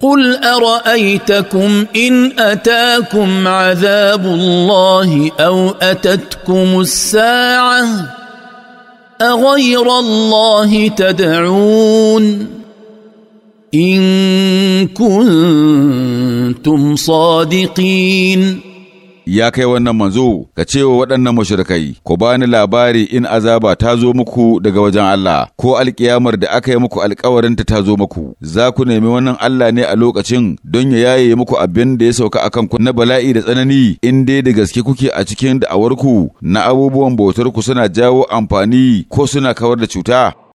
قل ارايتكم ان اتاكم عذاب الله او اتتكم الساعه اغير الله تدعون ان كنتم صادقين ya kai wannan manzo ka ce wa waɗannan mashirkai ku bani labari in azaba ta zo muku daga wajen Allah ko alkiyamar da aka yi muku alkawarin ta zo muku za ku nemi wannan Allah ne a lokacin don ya yaye muku abin da ya sauka akan ku na bala'i da tsanani in dai da gaske kuke a cikin da'awarku na abubuwan bautar ku suna jawo amfani ko suna kawar da cuta